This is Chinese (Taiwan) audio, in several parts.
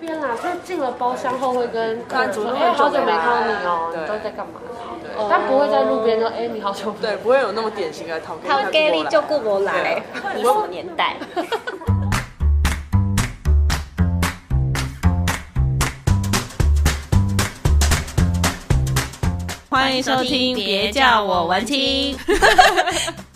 邊啦，就進了包廂後會跟。那主人好久沒看到你哦、喔，對你都在幹嘛呢？對呃、但不會在路邊說、喔：“哎對、欸，你好久不。”對，不會有那麼典型的偷看。給他給你就過不來、啊、你什麼年代？ 歡迎收聽，別叫我文青。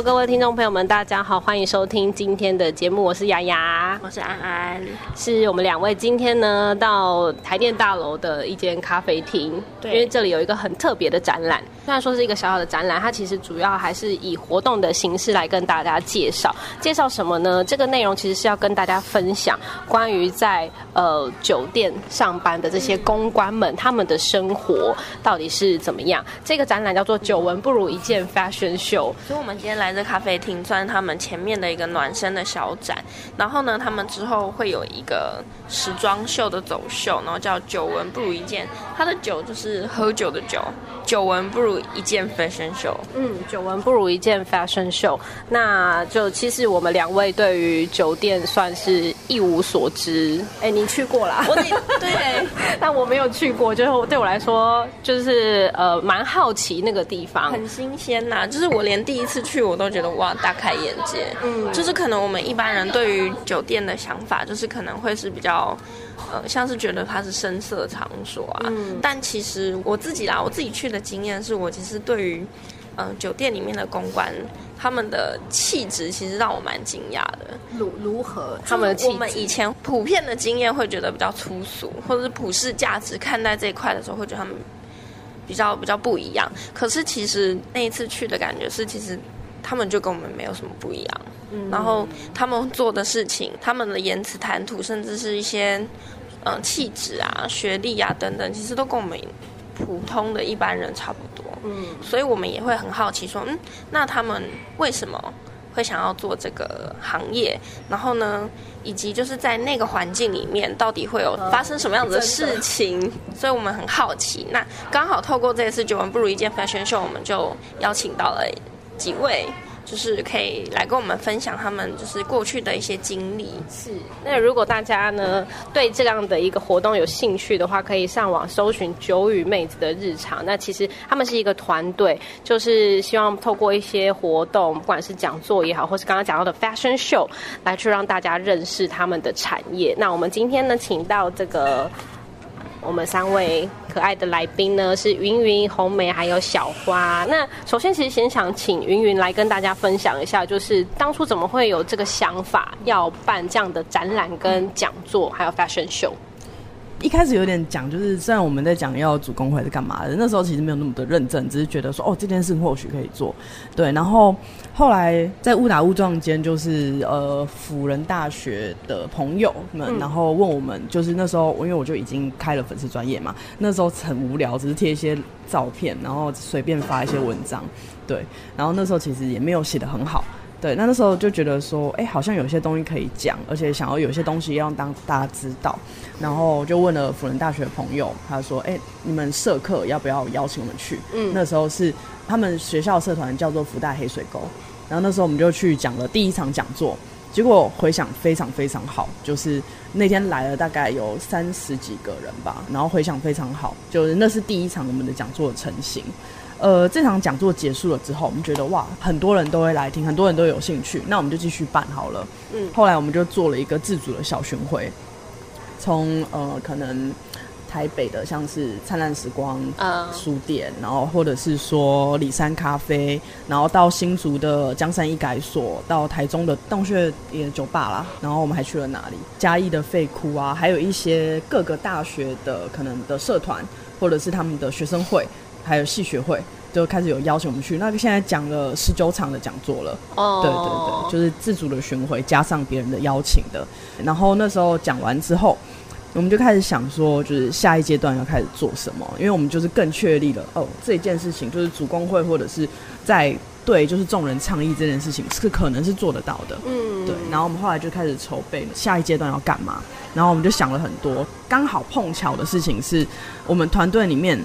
各位聽眾朋友們，大家好，歡迎收聽今天的節目。我是牙牙，我是安安，是我們兩位。今天呢，到台電大樓的一間咖啡廳，對因為這裡有一個很特別的展覽。雖然說是一個小小的展覽，它其實主要還是以活動的形式來跟大家介紹。介紹什麼呢？這個內容其實是要跟大家分享關於在呃酒店上班的這些公關們、嗯、他們的生活到底是怎麼樣。這個展覽叫做“酒聞不如一件 ”，Fashion Show。所以，我們今天。在這咖啡廳算他們前面的一個暖身的小展，然後呢，他們之後會有一個時裝秀的走秀，然後叫“酒聞不如一件”。他的“酒”就是喝酒的“酒”，“酒聞不如一件 ”Fashion Show。嗯，“酒聞不如一件 ”Fashion Show。那就其實我們兩位對於酒店算是一無所知。哎、欸，你去過啦？我，對， 但我沒有去過，就對我來說，就是呃，蠻好奇那個地方，很新鮮吶、啊，就是我連第一次去。我都覺得哇，大開眼界。嗯，就是可能我們一般人對於酒店的想法，就是可能會是比較，呃，像是覺得它是聲色場所啊。嗯，但其實我自己啊，我自己去的經驗是，我其實對於，嗯，酒店裡面的公關，他們的氣質其實讓我蠻驚訝的。如如何？他們我們以前普遍的經驗會覺得比較粗俗，或者是普世價值看待這塊的時候，會覺得他們比較比較不一樣。可是其實那一次去的感覺是，其實。他們就跟我們沒有什麼不一樣，嗯、然後他們做的事情、他們的言辭談吐，甚至是一些嗯、呃、氣質啊、學歷啊等等，其實都跟我們普通的一般人差不多。嗯，所以我們也會很好奇說，說嗯，那他們為什麼會想要做這個行業？然後呢，以及就是在那個環境裡面，到底會有發生什麼樣的事情？嗯、 所以我們很好奇。那剛好透過這一次“酒聞不如一件 Fashion Show”，我們就邀請到了。幾位就是可以來跟我們分享他們就是過去的一些經歷。是。那如果大家呢對這樣的一個活動有興趣的話，可以上網搜尋“酒與妹仔”的日常。那其實他們是一個團隊，就是希望透過一些活動，不管是講座也好，或是剛剛講到的 Fashion Show，來去讓大家認識他們的產業。那我們今天呢，請到這個。我們三位可愛的來賓呢，是雲雲、紅梅還有小花。那首先，其實先想請雲雲來跟大家分享一下，就是當初怎麼會有這個想法，要辦這樣的展覽跟講座，還有 fashion show。一開始有點講，就是雖然我們在講要組工會是幹嘛的，那時候其實沒有那麼的認真，只是覺得說哦，這件事或許可以做，對。然後後來在誤打誤撞間，就是呃輔仁大學的朋友們，然後問我們，就是那時候因為我就已經開了粉絲專業嘛，那時候很無聊，只是貼一些照片，然後隨便發一些文章，對。然後那時候其實也沒有寫得很好。對，那那時候就覺得說，哎、欸，好像有些東西可以講，而且想要有些東西要讓大家知道，然後就問了輔仁大學的朋友，他說，哎、欸，你們社課要不要邀請我們去？嗯，那時候是他們學校的社團叫做輔大黑水溝，然後那時候我們就去講了第一場講座，結果回響非常非常好，就是那天來了大概有三十幾個人吧，然後回響非常好，就是那是第一場我們的講座的成型。呃，這場講座結束了之後，我們覺得哇，很多人都會來聽，很多人都有興趣，那我們就繼續辦好了。嗯，後來我們就做了一個自主的小巡迴，從呃，可能台北的像是燦爛時光書店，嗯、然後或者是說里山咖啡，然後到新竹的江山一改所，到台中的洞穴也酒吧啦，然後我們還去了哪裡？嘉義的廢窟啊，還有一些各個大學的可能的社團或者是他們的學生會。還有系學會就開始有邀請我們去，那個現在講了十九場的講座了。哦，oh. 對對對，就是自主的巡迴加上別人的邀請的。然後那時候講完之後，我們就開始想說，就是下一階段要開始做什麼？因為我們就是更確立了哦，這件事情就是主工會或者是在對就是眾人倡議這件事情是可能是做得到的。嗯，mm. 對。然後我們後來就開始籌備下一階段要幹嘛，然後我們就想了很多。剛好碰巧的事情是我們團隊裡面。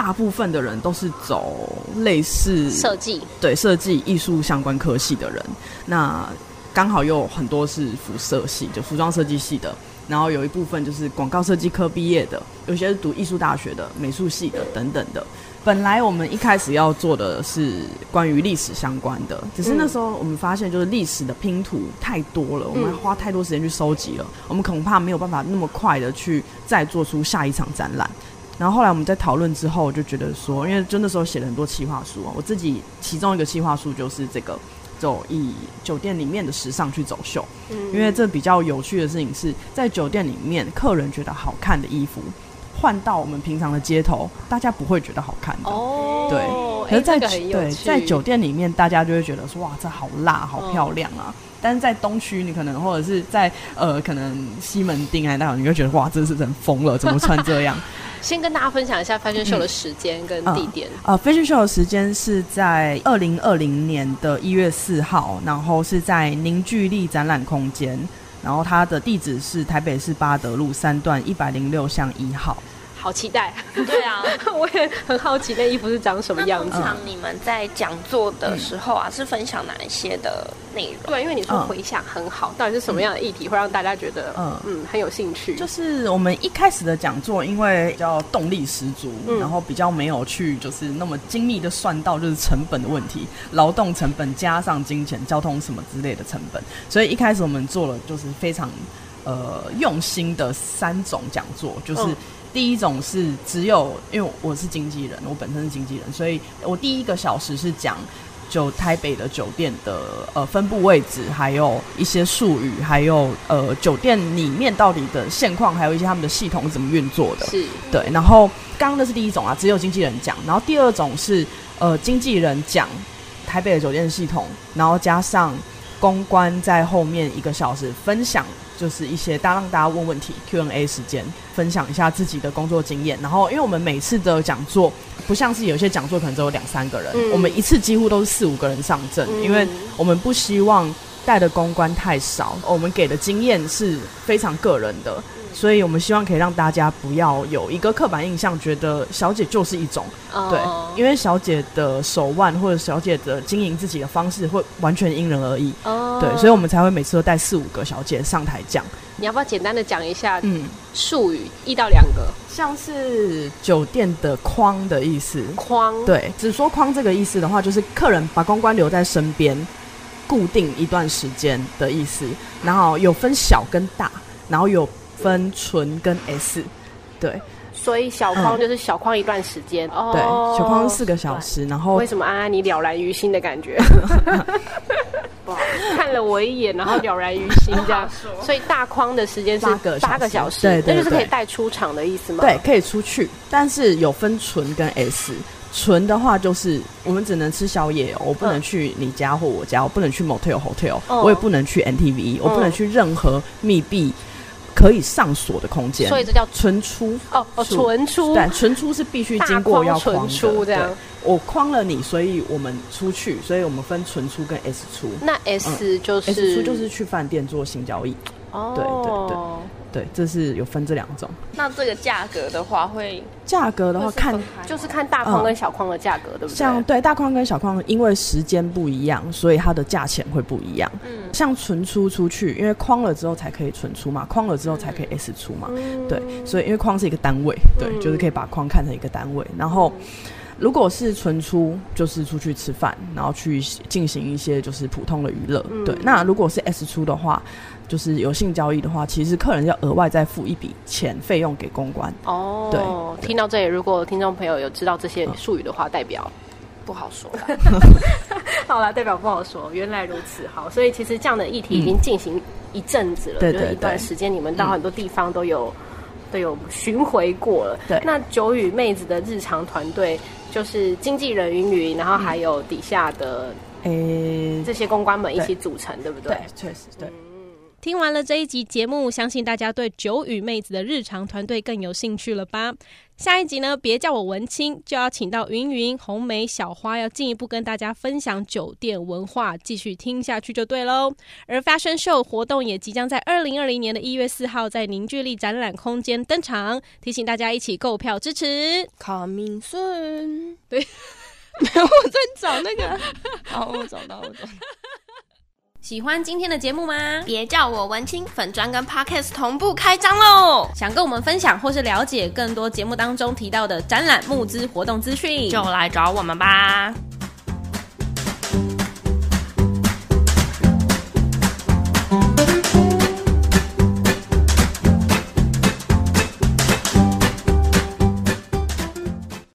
大部分的人都是走類似設計，計對設計藝術相關科系的人，那剛好又有很多是服設系，就服裝設計系的，然後有一部分就是廣告設計科畢業的，有些是讀藝術大學的美術系的等等的。本來我們一開始要做的是關於歷史相關的，只是那時候我們發現就是歷史的拼圖太多了，我們花太多時間去收集了，我們恐怕沒有辦法那麼快的去再做出下一場展覽。然後後來我們在討論之後，就覺得說，因為那時候寫了很多企劃書啊，我自己其中一個企劃書就是這個走以酒店裡面的時尚去走秀，嗯、因為這比較有趣的事情是，在酒店裡面，客人覺得好看的衣服，換到我們平常的街頭，大家不會覺得好看的，哦、對，可是在、欸這個、對，在酒店裡面，大家就會覺得說哇，這好辣，好漂亮啊。哦但是在東區，你可能或者是在呃，可能西門町啊，那種你就覺得哇，這是人瘋了，怎麼穿這樣？ 先跟大家分享一下 Fashion Show 的時間跟地點。嗯、呃 Fashion Show 的時間是在二零二零年的一月四號，然後是在凝聚力展覽空間，然後它的地址是台北市八德路三段一百零六巷一號。好期待，對啊， 我也很好奇那衣服是長什麼樣子。那通常嗯、你們在講座的時候啊，嗯、是分享哪一些的內容？對、啊，因為你說回響很好，嗯、到底是什麼樣的議題會讓大家覺得嗯嗯很有興趣？就是我們一開始的講座，因為比較動力十足，嗯、然後比較沒有去就是那麼精密的算到就是成本的問題，勞動成本加上金錢、交通什麼之類的成本，所以一開始我們做了就是非常呃用心的三種講座，就是、嗯。第一種是只有，因為我是經紀人，我本身是經紀人，所以我第一個小時是講就台北的酒店的呃分布位置，還有一些術語，還有呃酒店裡面到底的現況，還有一些他們的系統是怎麼運作的。是。對。然後剛剛那是第一種啊，只有經紀人講。然後第二種是呃經紀人講台北的酒店的系統，然後加上。公關在後面一個小時分享，就是一些大讓大家問問題 Q&A 時間，分享一下自己的工作經驗。然後，因為我們每次的講座不像是有些講座可能只有兩三個人，嗯、我們一次幾乎都是四五個人上陣，嗯、因為我們不希望帶的公關太少，我們給的經驗是非常個人的。所以，我們希望可以讓大家不要有一個刻板印象，覺得小姐就是一種、嗯、對，因為小姐的手腕或者小姐的經營自己的方式會完全因人而異。哦、嗯，對，所以我們才會每次都帶四五個小姐上台講。你要不要簡單的講一下？嗯，術語一到兩個，像是酒店的“框”的意思，“框”對，只說“框”這個意思的話，就是客人把公關留在身邊，固定一段時間的意思。然後有分小跟大，然後有。分純跟 S，對， 所以小框就是小框一段時間，嗯、對，小框是四個小時，然後為什麼安安你了然於心的感覺？ 看了我一眼，然後了然於心這樣說。 所以大框的時間是八個小時，對對，對，對，那就是可以帶出場的意思嗎？對，可以出去，但是有分純跟 S，純的話就是我們只能吃宵夜，我不能去你家或我家，我不能去 motel hotel，、嗯、我也不能去 MTV，我不能去任何密閉。嗯密閉可以上鎖的空間，所以這叫存出哦，哦，存出，但存出是必須經過要框的，框存出這樣對，我框了你，所以我們出去，所以我們分存出跟 S 出。 那 S 就是 S,、嗯 S, 就是，S, S 出就是去飯店做性交易，oh. 對對對。對，這是有分這兩種。那這個價格的話會，會價格的話看就是看大框跟小框的價格，對不，嗯、對？像對大框跟小框，因為時間不一樣，所以它的價錢會不一樣。嗯，像存出出去，因為框了之後才可以存出嘛，框了之後才可以 S 出嘛。嗯、對，所以因為框是一個單位，對，嗯、就是可以把框看成一個單位，然後。嗯如果是純出，就是出去吃飯，然後去進行一些就是普通的娛樂。嗯、對，那如果是 S 出的話，就是有性交易的話，其實客人要額外再付一筆錢費用給公關。哦對，對，聽到這裡，如果聽眾朋友有知道這些術語的話，嗯、代表不好說。 好啦，代表不好說，原來如此。好，所以其實這樣的議題已經進行一陣子了，對對、嗯，一段時間，你們到很多地方都有、嗯、都有巡回過了。對，那酒與妹仔的日常團隊。就是經紀人云云，然後還有底下的誒這些公關們一起組成，嗯嗯、對，對不對？對，確實對。嗯聽完了這一集節目，相信大家對酒與妹仔的日常團隊更有興趣了吧？下一集呢，別叫我文青，就要請到云云、紅梅、小花，要進一步跟大家分享酒店文化，繼續聽下去就對嘍。而 Fashion Show 活動也即將在二零二零年的一月四號在凝聚力展覽空間登場，提醒大家一起購票支持。Coming soon，對， 我在找那個， 好，我找到，我找到。喜歡今天的節目嗎？別叫我文青，粉專，跟 Podcast 同步開張嘍！想跟我們分享或是了解更多節目當中提到的展覽、募資活動資訊，就來找我們吧。